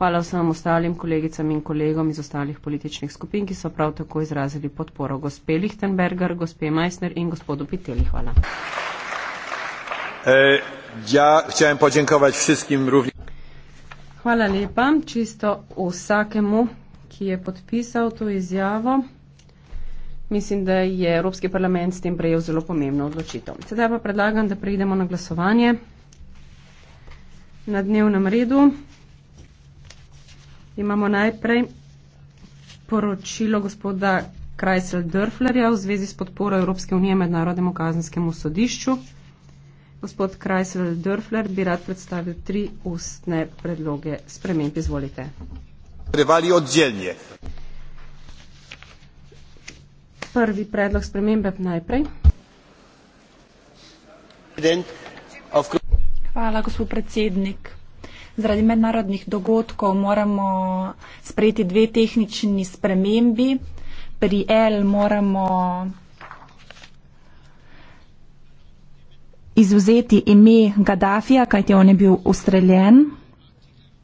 Hvala vsem ostalim kolegicam in kolegom iz ostalih političnih skupin, ki so prav tako izrazili podporo gospe Lichtenberger, gospe Meissner in gospodu Piteli. Hvala. E, ja Hvala lepa čisto vsakemu, ki je podpisal to izjavo. Mislim, da je Evropski parlament s tem prejel zelo pomembno odločitev. Sedaj pa predlagam, da preidemo na glasovanje na dnevnem redu. Imamo najprej poročilo gospoda Krajsel Dörflerja v zvezi s podporo Evropske unije mednarodnemu kazenskemu sodišču. Gospod Krajsel Dörfler bi rad predstavil tri ustne predloge sprememb. Izvolite. Prevali oddelje. Prvi predlog spremembe najprej. Hvala, gospod predsednik zaradi mednarodnih dogodkov moramo sprejeti dve tehnični spremembi. Pri L moramo izuzeti ime Gaddafija, kajti on je bil ustreljen.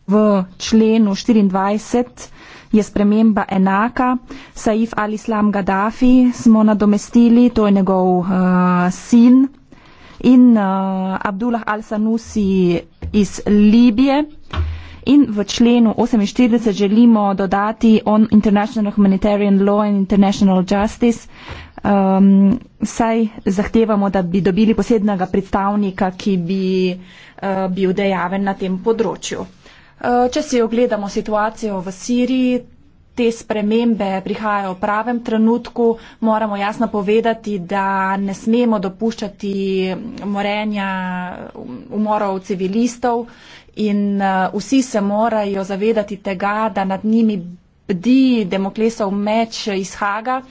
V členu 24 je sprememba enaka. Saif al-Islam Gaddafi smo nadomestili, to je njegov uh, sin in uh, Abdullah al-Sanusi iz Libije. In v členu 48 želimo dodati on international humanitarian law and international justice, um, saj zahtevamo, da bi dobili posebnega predstavnika, ki bi uh, bil dejaven na tem področju. Uh, če si ogledamo situacijo v Siriji, te spremembe prihajajo v pravem trenutku. Moramo jasno povedati, da ne smemo dopuščati morenja umorov civilistov in eh, vsi se morajo zavedati tega, da nad njimi bdi demoklesov meč iz Haga.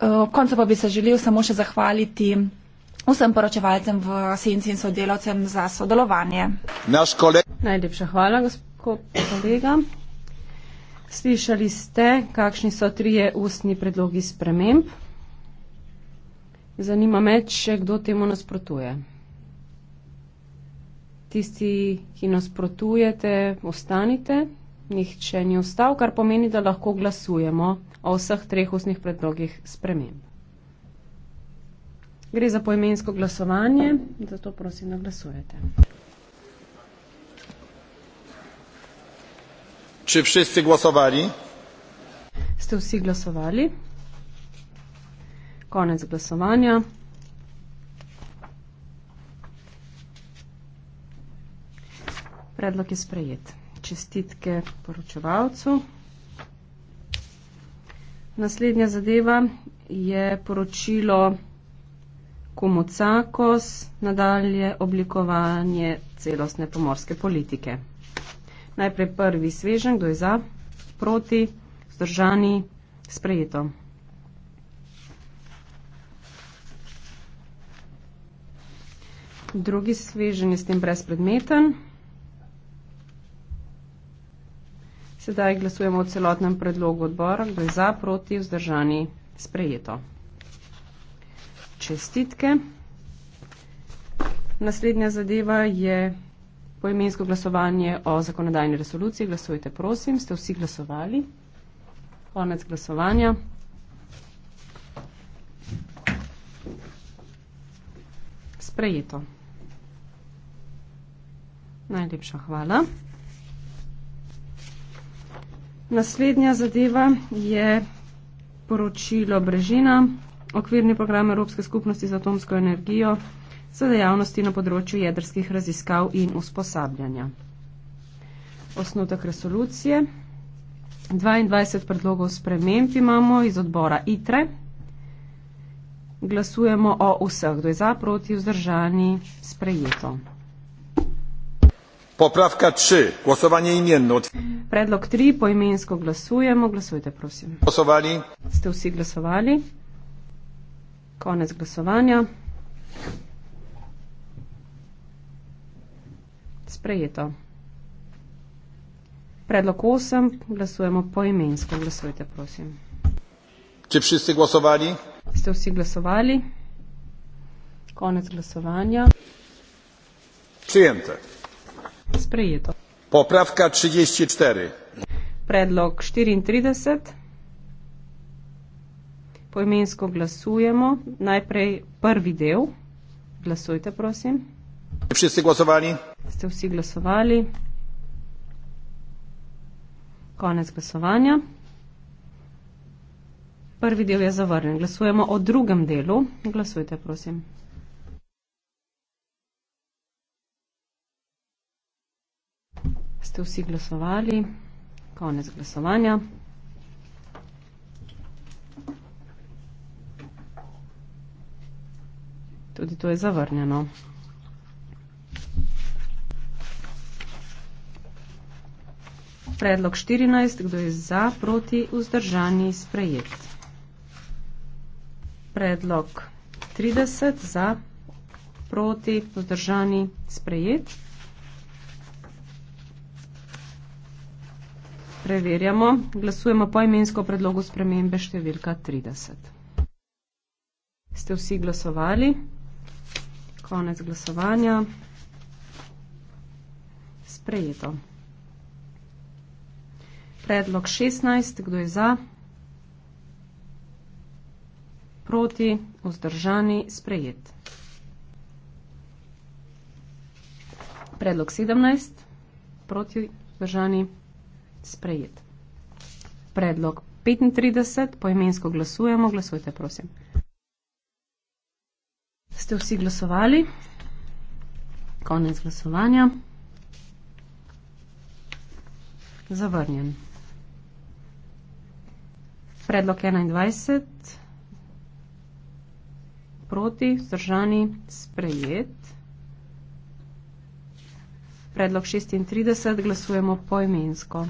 Ob eh, koncu pa bi se želel samo še zahvaliti vsem poročevalcem v senci in sodelavcem za sodelovanje. Najlepša hvala, gospod kolega. Slišali ste, kakšni so trije ustni predlogi sprememb. Zanima me, če kdo temu nasprotuje. Tisti, ki nasprotujete, ostanite. Nihče ni ostal, kar pomeni, da lahko glasujemo o vseh treh ustnih predlogih sprememb. Gre za poimensko glasovanje, zato prosim, da glasujete. Czy wszyscy głosowali? Czy wszyscy głosowali? Koniec głosowania. Predlog je sprejet. Čestitke poročevalcu. Naslednja zadeva je poročilo Kumocakos, nadalje oblikovanje celostne pomorske politike. Najprej prvi svežen, kdo je za, proti, vzdržani, sprejeto. Drugi svežen je s tem brezpredmeten. Sedaj glasujemo o celotnem predlogu odbora, kdo je za, proti, vzdržani, sprejeto. Čestitke. Naslednja zadeva je poimensko glasovanje o zakonodajni resoluciji. Glasujte, prosim. Ste vsi glasovali? Konec glasovanja. Sprejeto. Najlepša hvala. Naslednja zadeva je poročilo Brežina, okvirni program Evropske skupnosti za atomsko energijo 2021-2027 za dejavnosti na področju jedrskih raziskav in usposabljanja. Osnutek resolucije. 22 predlogov sprememb imamo iz odbora ITRE. Glasujemo o vseh. Kdo je za, proti, vzdržani, sprejeto. Popravka 3. Glasovanje imenno. Predlog 3. Poimensko glasujemo. Glasujte, prosim. Glasovali. Ste vsi glasovali? Konec glasovanja. Thank you. sprejeto. Predlog 8. Glasujemo poimensko. Glasujte, prosim. Če vsi glasovali? Ste vsi glasovali? Konec glasovanja. Prijente. Sprejeto. Popravka 34. Predlog 34. Poimensko glasujemo. Najprej prvi del. Glasujte, prosim. Wszyscy głosowali? Wszyscy wsi głosowali. Koniec głosowania. Prvi del je zavrnjen. Glasujemo o drugem delu. Glasujte, prosim. Ste vsi glasovali? Konec glasovanja. Tudi to je zavrnjeno. predlog 14, kdo je za, proti, vzdržani, sprejet. Predlog 30, za, proti, vzdržani, sprejet. Preverjamo, glasujemo po imensko predlogu spremembe številka 30. Ste vsi glasovali? Konec glasovanja. Sprejeto predlog 16. Kdo je za? Proti, vzdržani, sprejet. Predlog 17. Proti, vzdržani, sprejet. Predlog 35. Poimensko glasujemo. Glasujte, prosim. Ste vsi glasovali? Konec glasovanja. Zavrnjen. Predlog 21. Proti, vzdržani, sprejet. Predlog 36. Glasujemo poimensko.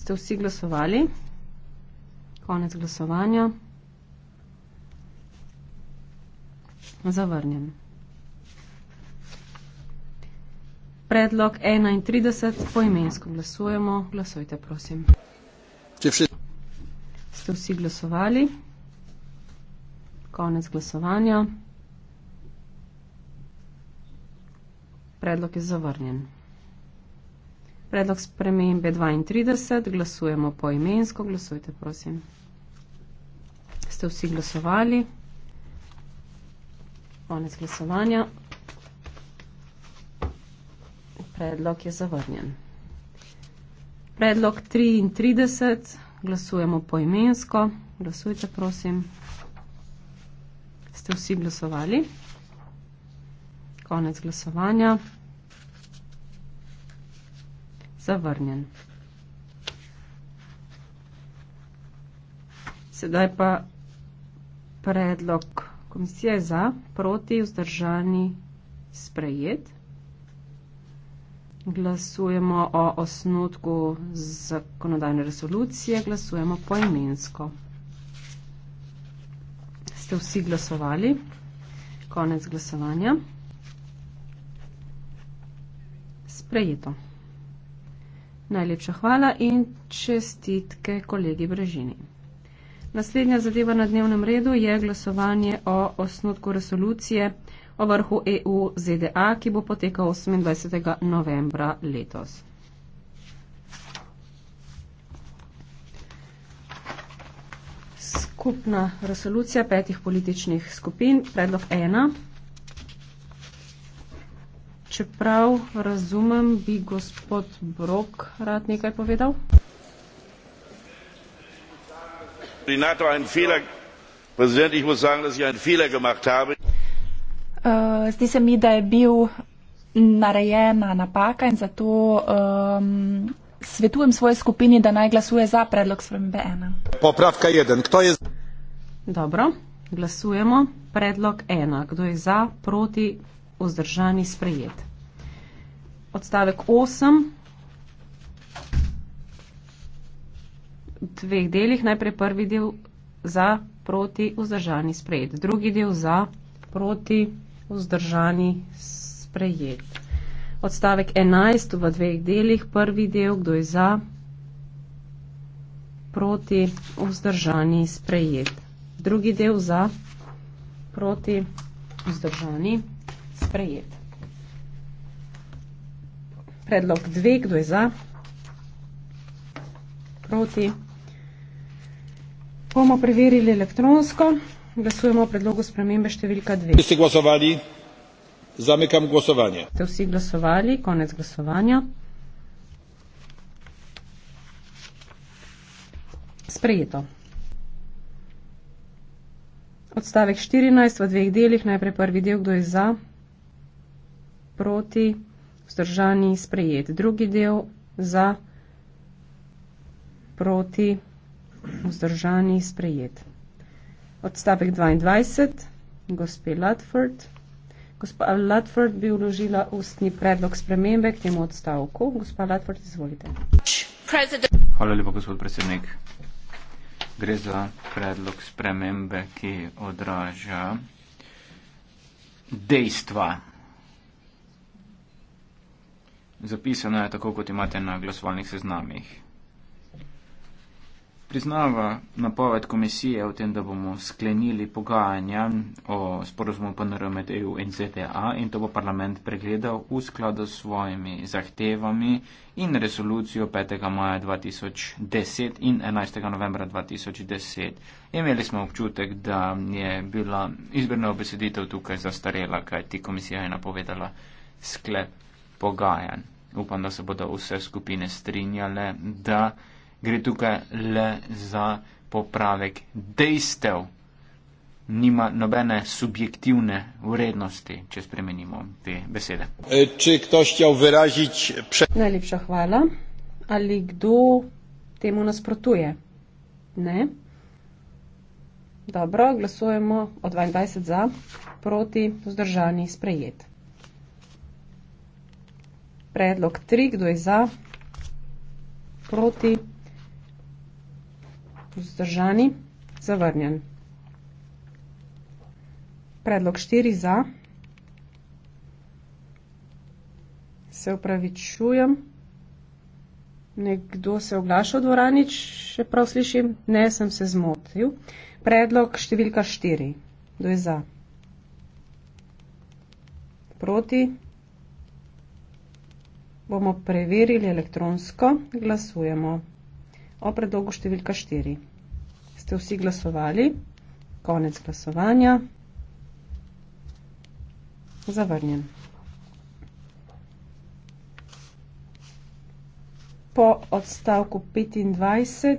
Ste vsi glasovali? Konec glasovanja. Zavrnjen. predlog 31 poimensko glasujemo. Glasujte, prosim. Ste vsi glasovali? Konec glasovanja. Predlog je zavrnjen. Predlog spremembe 32, glasujemo poimensko. Glasujte, prosim. Ste vsi glasovali? Konec glasovanja. Predlog je zavrnjen. Predlog 33. Glasujemo poimensko. Glasujte, prosim. Ste vsi glasovali? Konec glasovanja. Zavrnjen. Sedaj pa predlog komisije za proti vzdržani sprejet. Glasujemo o osnutku zakonodajne resolucije, glasujemo poimensko. Ste vsi glasovali? Konec glasovanja. Sprejeto. Najlepša hvala in čestitke kolegi Brežini. Naslednja zadeva na dnevnem redu je glasovanje o osnutku resolucije o vrhu EU-ZDA, ki bo potekal 28. novembra letos. Skupna resolucija petih političnih skupin, predlog ena. Čeprav razumem, bi gospod Brok rad nekaj povedal. Pri NATO je en fehler, predsednik, moram reči, da je en fehler gemacht habe zdi se mi, da je bil narejena napaka in zato um, svetujem svoje skupini, da naj glasuje za predlog spremembe ena. Popravka jeden. Kdo je za? Dobro, glasujemo. Predlog ena. Kdo je za, proti, vzdržani, sprejet. Odstavek osem. Dveh delih. Najprej prvi del za, proti, vzdržani, sprejet. Drugi del za, proti, vzdržani vzdržani sprejet. Odstavek 11 v dveh delih, prvi del, kdo je za, proti, vzdržani sprejet. Drugi del za, proti, vzdržani sprejet. Predlog 2, kdo je za, proti. Bomo preverili elektronsko. Glasujemo o predlogu spremembe številka 2. Vsi ste glasovali? Zamekam glasovanje. Ste vsi glasovali? Konec glasovanja. Sprejeto. Odstavek 14 v dveh delih, najprej prvi del, kdo je za, proti, vzdržani, sprejet. Drugi del, za, proti, vzdržani, sprejet. Odstavek 22, gospe Ludford. Gospa Ludford bi uložila ustni predlog spremembe k temu odstavku. Gospa Ludford, izvolite. Hvala lepa, gospod predsednik. Gre za predlog spremembe, ki odraža dejstva. Zapisano je tako, kot imate na glasovalnih seznamih priznava napoved komisije o tem, da bomo sklenili pogajanja o sporozumu PNR med EU in ZDA in to bo parlament pregledal v skladu s svojimi zahtevami in resolucijo 5. maja 2010 in 11. novembra 2010. Imeli smo občutek, da je bila izbrna obeseditev tukaj zastarela, kaj ti komisija je napovedala sklep pogajanj. Upam, da se bodo vse skupine strinjale, da gre tukaj le za popravek dejstev, nima nobene subjektivne vrednosti, če spremenimo te besede. E, vyražiť... Najlepša hvala. Ali kdo temu nasprotuje? Ne. Dobro, glasujemo od 22 za, proti, vzdržani, sprejet. Predlog 3, kdo je za, proti, vzdržani, zavrnjen. Predlog štiri za. Se upravičujem. Nekdo se oglaša v dvorani, še prav slišim. Ne, sem se zmotil. Predlog številka štiri. Kdo je za? Proti? Bomo preverili elektronsko. Glasujemo o predlogu številka štiri ste vsi glasovali. Konec glasovanja. Zavrnjen. Po odstavku 25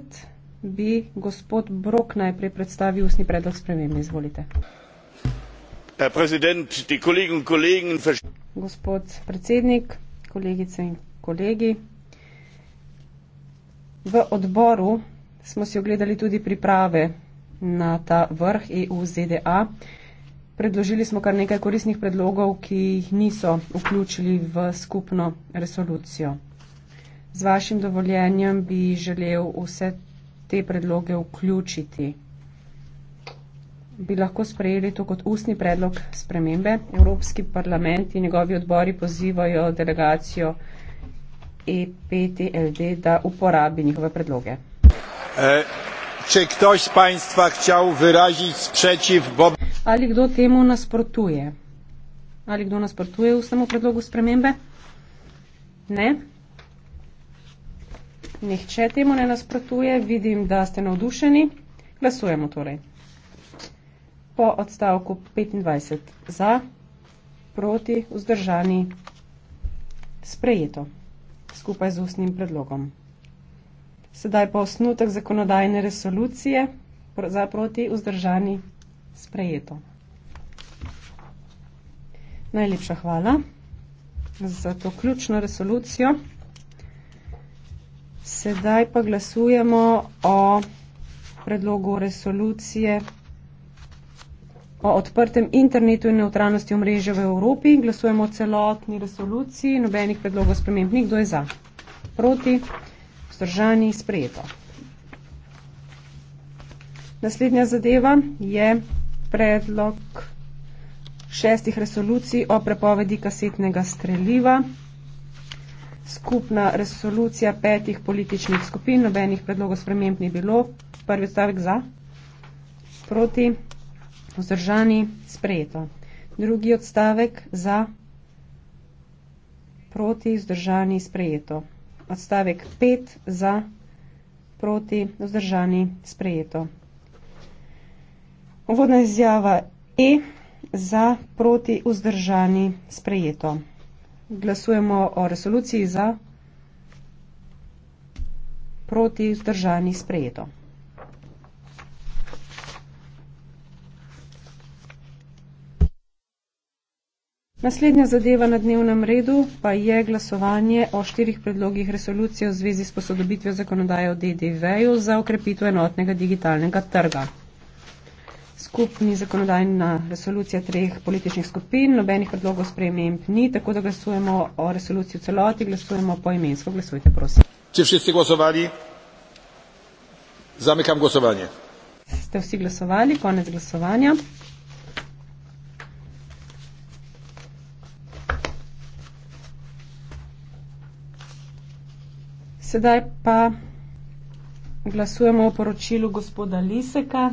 bi gospod Brok najprej predstavil usni predlog spremembe. Izvolite. Gospod predsednik, kolegice in kolegi, v odboru smo si ogledali tudi priprave na ta vrh EU ZDA. Predložili smo kar nekaj korisnih predlogov, ki jih niso vključili v skupno resolucijo. Z vašim dovoljenjem bi želel vse te predloge vključiti. Bi lahko sprejeli to kot ustni predlog spremembe. Evropski parlament in njegovi odbori pozivajo delegacijo EPTLD, da uporabi njihove predloge. E, czy ktoś z Państwa chciał wyrazić sprzeciw? Bo... Ali kdo temu nasprotuje? Ali kdo nasprotuje ustemu predlogu spremembe? Ne? Nihče temu ne nasprotuje, vidim, da ste navdušeni. Glasujemo torej. Po odstavku 25 za, proti, vzdržani, sprejeto skupaj z ustnim predlogom. Sedaj pa osnutek zakonodajne resolucije za proti vzdržani sprejeto. Najlepša hvala za to ključno resolucijo. Sedaj pa glasujemo o predlogu resolucije o odprtem internetu in neutralnosti omrežja v Evropi. Glasujemo o celotni resoluciji, nobenih predlogov sprememb. Nikdo je za? Proti? vzdržani sprejeto. Naslednja zadeva je predlog šestih resolucij o prepovedi kasetnega streljiva. Skupna resolucija petih političnih skupin, nobenih predlogov sprememb ni bilo. Prvi odstavek za, proti, vzdržani, sprejeto. Drugi odstavek za, proti, vzdržani, sprejeto odstavek 5 za proti vzdržani sprejeto. Uvodna izjava E za proti vzdržani sprejeto. Glasujemo o resoluciji za proti vzdržani sprejeto. Naslednja zadeva na dnevnem redu pa je glasovanje o štirih predlogih resolucije v zvezi s posodobitvjo zakonodaje o DDV-ju za okrepitev enotnega digitalnega trga. Skupni zakonodajna resolucija treh političnih skupin, nobenih predlogov sprememb ni, tako da glasujemo o resoluciji v celoti, glasujemo po imensko. Glasujte, prosim. Če vsi ste glasovali, zamekam glasovanje. Ste vsi glasovali, konec glasovanja. Sedaj pa glasujemo o poročilu gospoda Liseka,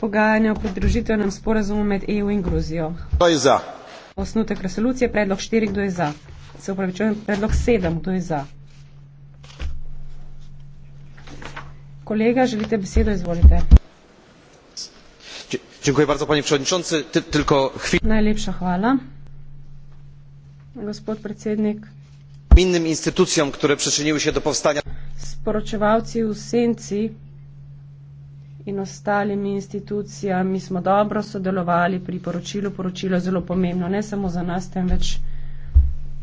pogajanje o pridružitvenem sporazumu med EU in Gruzijo. Kdo je za? Osnutek resolucije, predlog štiri, kdo je za? Se upravičujem, predlog sedem, kdo je za? Kolega, želite besedo, izvolite. Dziękuję bardzo, panie przewodniczący. Ty, tylko chwilę. Najlepsza chwała. Gospod predsjednik, innym instytucjom, które przyczyniły się do powstania. Sporoczywałcy w Sinci i ostalimi instytucjami smo dobro sodelowali pri poročilu. Poročilo je zelo pomembno ne samo za nas, temveč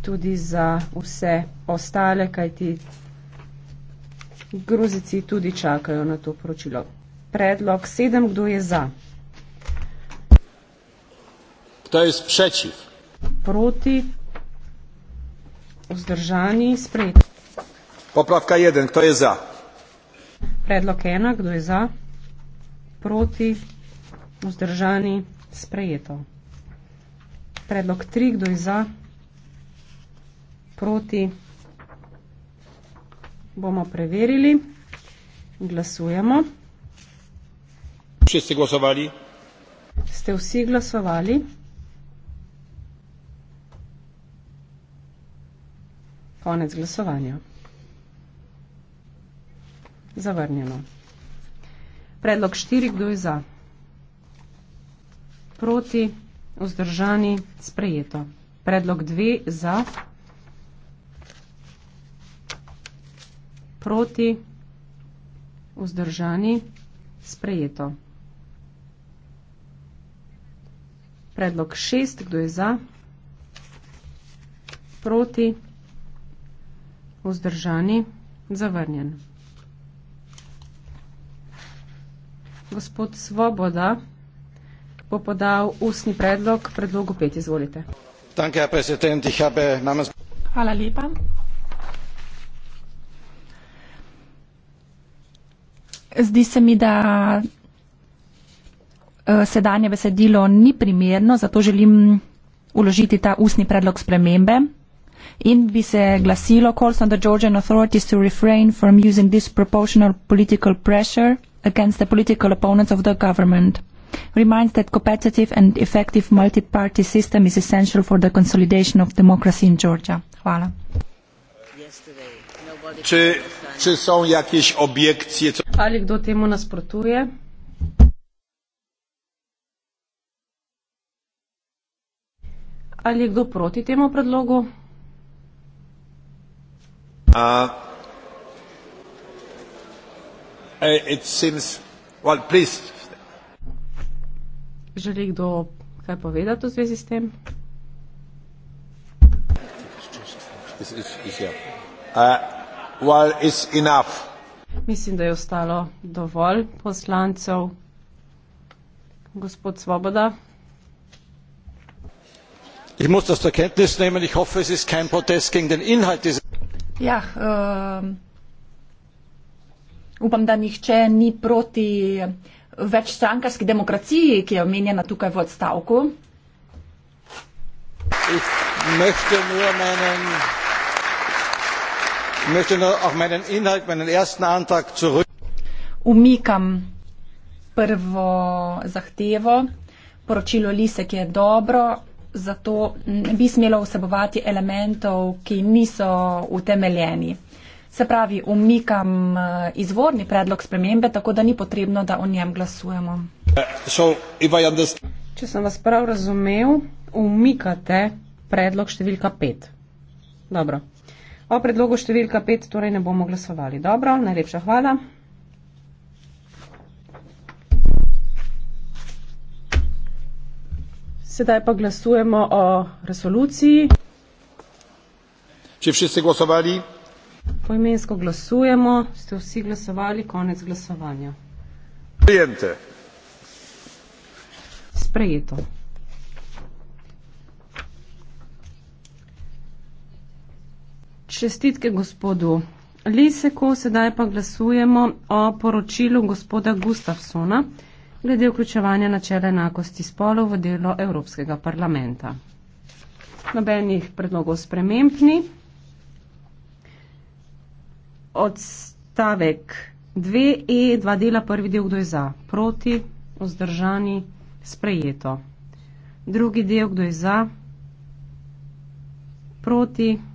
tudi za vse ostale, kajti Gruzici tudi čakajo na to poročilo. Predlog sedem, kdo je za? Kdo je proti? Vzdržani sprejet. Popravka 1. Kdo je za? Predlog 1. Kdo je za? Proti. Vzdržani sprejeto. Predlog 3. Kdo je za? Proti. Bomo preverili. Glasujemo. Vsi ste glasovali? Ste vsi glasovali? Konec glasovanja. Zavrnjeno. Predlog štiri, kdo je za? Proti, vzdržani, sprejeto. Predlog dve, za? Proti, vzdržani, sprejeto. Predlog šest, kdo je za? Proti, vzdržani, sprejeto vzdržani, zavrnjen. Gospod Svoboda bo podal ustni predlog, predlogu pet, izvolite. Hvala lepa. Zdi se mi, da eh, sedanje besedilo ni primerno, zato želim uložiti ta ustni predlog spremembe in bi se glasilo calls on the Georgian authorities to refrain from using disproportional political pressure against the political opponents of the government. Reminds that competitive and effective multi-party system is essential for the consolidation of democracy in Georgia. Hvala. Czy, czy są jakieś obiekcje? Co... Ali kdo temu nasprotuje? Ali kdo proti temu predlogu? Uh, eh, Želi kdo kaj povedati v zvezi s tem? Uh, Mislim, da je ostalo dovolj poslancev. Gospod Svoboda. Ich muss das zur Kenntnis nehmen. Ich hoffe, es ist kein Protest gegen den Inhalt dieses. Ja, uh, upam, da nihče ni proti večstrankarski demokraciji, ki je omenjena tukaj v odstavku. Umikam prvo zahtevo, poročilo Lise, ki je dobro zato ne bi smelo vsebovati elementov, ki niso utemeljeni. Se pravi, umikam eh, izvorni predlog spremembe, tako da ni potrebno, da o njem glasujemo. Če sem vas prav razumel, umikate predlog številka 5. Dobro. O predlogu številka 5 torej ne bomo glasovali. Dobro, najlepša hvala. Sedaj pa glasujemo o resoluciji. Če vsi ste glasovali? Poimensko glasujemo, ste vsi glasovali, konec glasovanja. Prijemte. Sprejeto. Čestitke gospodu Liseku, sedaj pa glasujemo o poročilu gospoda Gustafsona glede vključevanja načela enakosti spolov v delo Evropskega parlamenta. Nobenih predlogov sprememb ni. Odstavek 2e, e, dva dela, prvi del, kdo je za, proti, vzdržani, sprejeto. Drugi del, kdo je za, proti, vzdržani.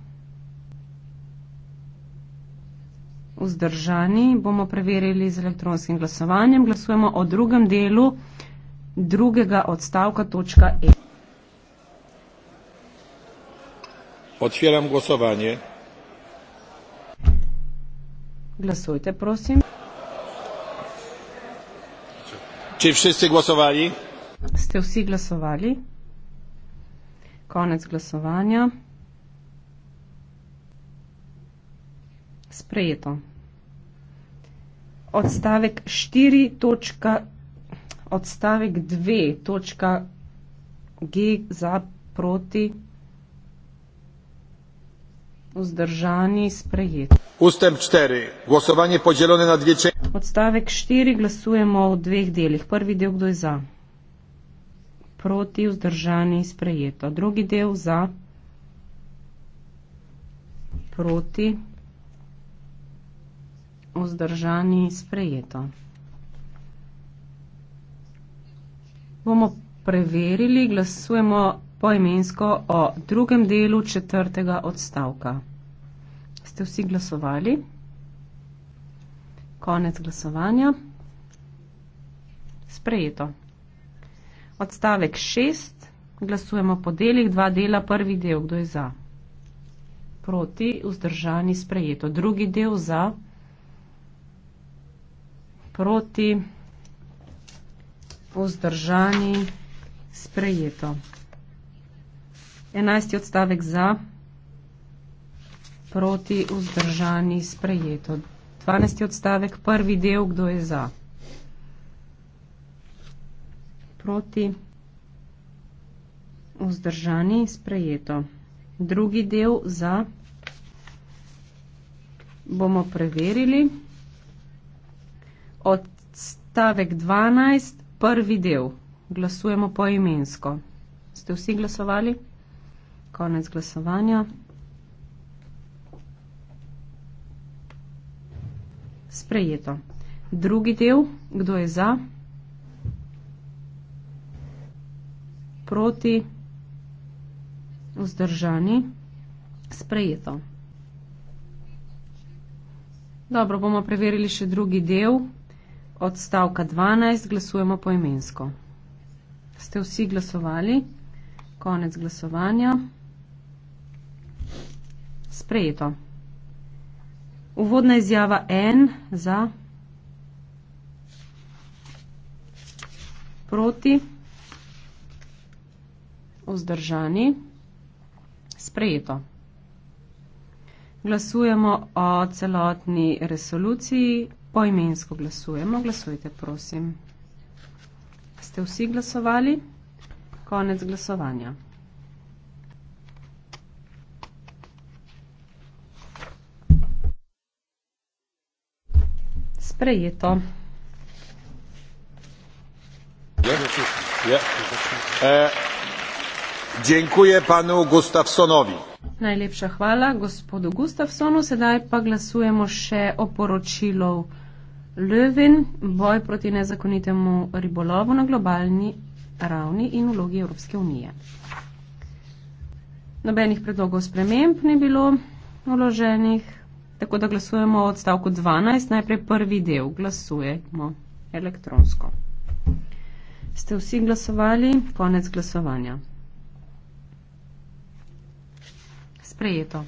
vzdržani, bomo preverili z elektronskim glasovanjem. Glasujemo o drugem delu drugega odstavka točka E. Odpiram glasovanje. Glasujte, prosim. Če vsi glasovali? Ste vsi glasovali? Konec glasovanja. Sprejeto odstavek 4. Točka, odstavek 2. Točka G za proti vzdržani sprejet. Ustep 4. Glasovanje podeljeno na dve če. Odstavek 4. Glasujemo v dveh delih. Prvi del, kdo je za. Proti vzdržani sprejeto. Drugi del za. Proti vzdržani sprejeto. Bomo preverili, glasujemo poimensko o drugem delu četrtega odstavka. Ste vsi glasovali? Konec glasovanja. Sprejeto. Odstavek šest. Glasujemo po delih. Dva dela, prvi del. Kdo je za? Proti, vzdržani, sprejeto. Drugi del za? proti, vzdržani, sprejeto. Enajsti odstavek za, proti, vzdržani, sprejeto. Dvanesti odstavek, prvi del, kdo je za. Proti, vzdržani, sprejeto. Drugi del za, bomo preverili odstavek 12, prvi del. Glasujemo poimensko. Ste vsi glasovali? Konec glasovanja. Sprejeto. Drugi del, kdo je za? Proti? Vzdržani? Sprejeto. Dobro, bomo preverili še drugi del od stavka 12 glasujemo po imensko. Ste vsi glasovali? Konec glasovanja. Sprejeto. Uvodna izjava N za proti vzdržani. Sprejeto. Glasujemo o celotni resoluciji poimensko glasujemo. Glasujte, prosim. Ste vsi glasovali? Konec glasovanja. Sprejeto. Ja, ja. E, dziękuję panu Gustafsonowi. Najlepša hvala gospodu Gustafsonu. Sedaj pa glasujemo še o poročilu. Levin, boj proti nezakonitemu ribolovu na globalni ravni in vlogi Evropske unije. Nobenih predlogov sprememb ni bilo vloženih, tako da glasujemo o odstavku 12. Najprej prvi del glasujemo elektronsko. Ste vsi glasovali? Konec glasovanja. Sprejeto.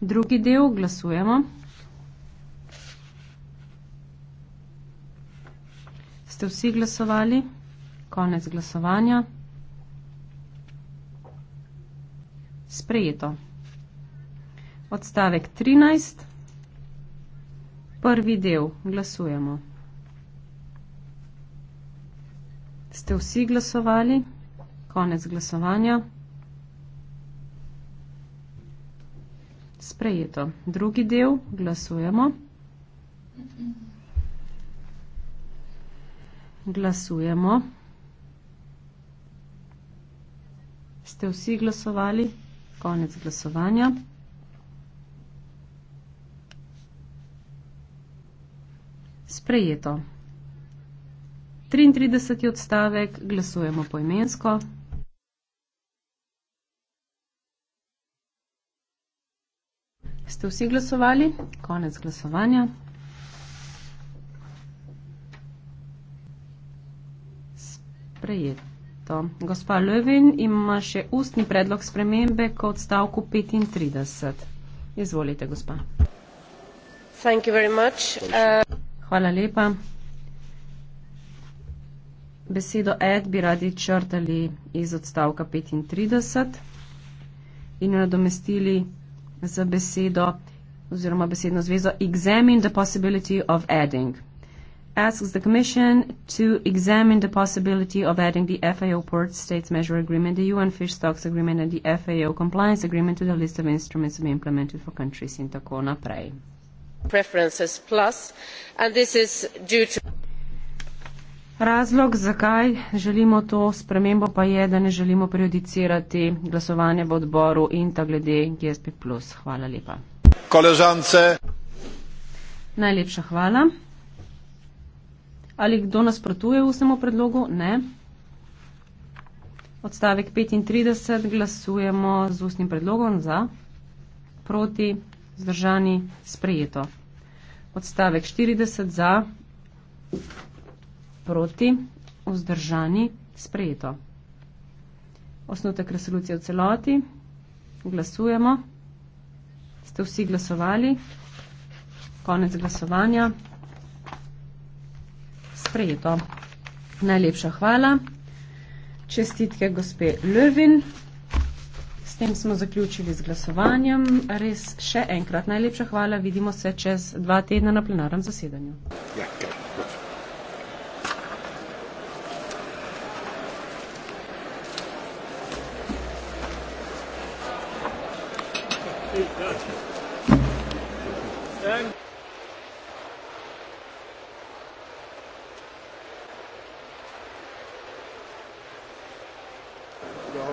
Drugi del glasujemo. ste vsi glasovali. Konec glasovanja. Sprejeto. Odstavek 13. Prvi del. Glasujemo. Ste vsi glasovali? Konec glasovanja. Sprejeto. Drugi del. Glasujemo. Mm -mm glasujemo. Ste vsi glasovali? Konec glasovanja. Sprejeto. 33. odstavek glasujemo poimensko. Ste vsi glasovali? Konec glasovanja. Prejeto. Gospa Lövin ima še ustni predlog spremembe kot stavku 35. Izvolite, gospa. Thank you very much. Uh... Hvala lepa. Besedo ed bi radi črtali iz odstavka 35 in nadomestili za besedo oziroma besedno zvezo examine the possibility of adding asks the Commission to examine the possibility of adding the FAO Port States Measure Agreement, the UN Fish Stocks Agreement and the FAO Compliance Agreement to the list of instruments to be implemented for countries in tako naprej. Preferences plus, and this is due to Razlog, zakaj želimo to spremembo, pa je, da ne želimo prejudicirati glasovanje v odboru in ta glede GSP. Hvala lepa. Koležance. Najlepša hvala. Ali kdo nasprotuje vsemu predlogu? Ne. Odstavek 35 glasujemo z ustnim predlogom za, proti, zdržani, sprejeto. Odstavek 40 za, proti, vzdržani, sprejeto. Osnutek resolucije v celoti. Glasujemo. Ste vsi glasovali? Konec glasovanja sprejeto. Najlepša hvala. Čestitke gospe Lövin. S tem smo zaključili z glasovanjem. Res še enkrat najlepša hvala. Vidimo se čez dva tedna na plenarnem zasedanju. Ja,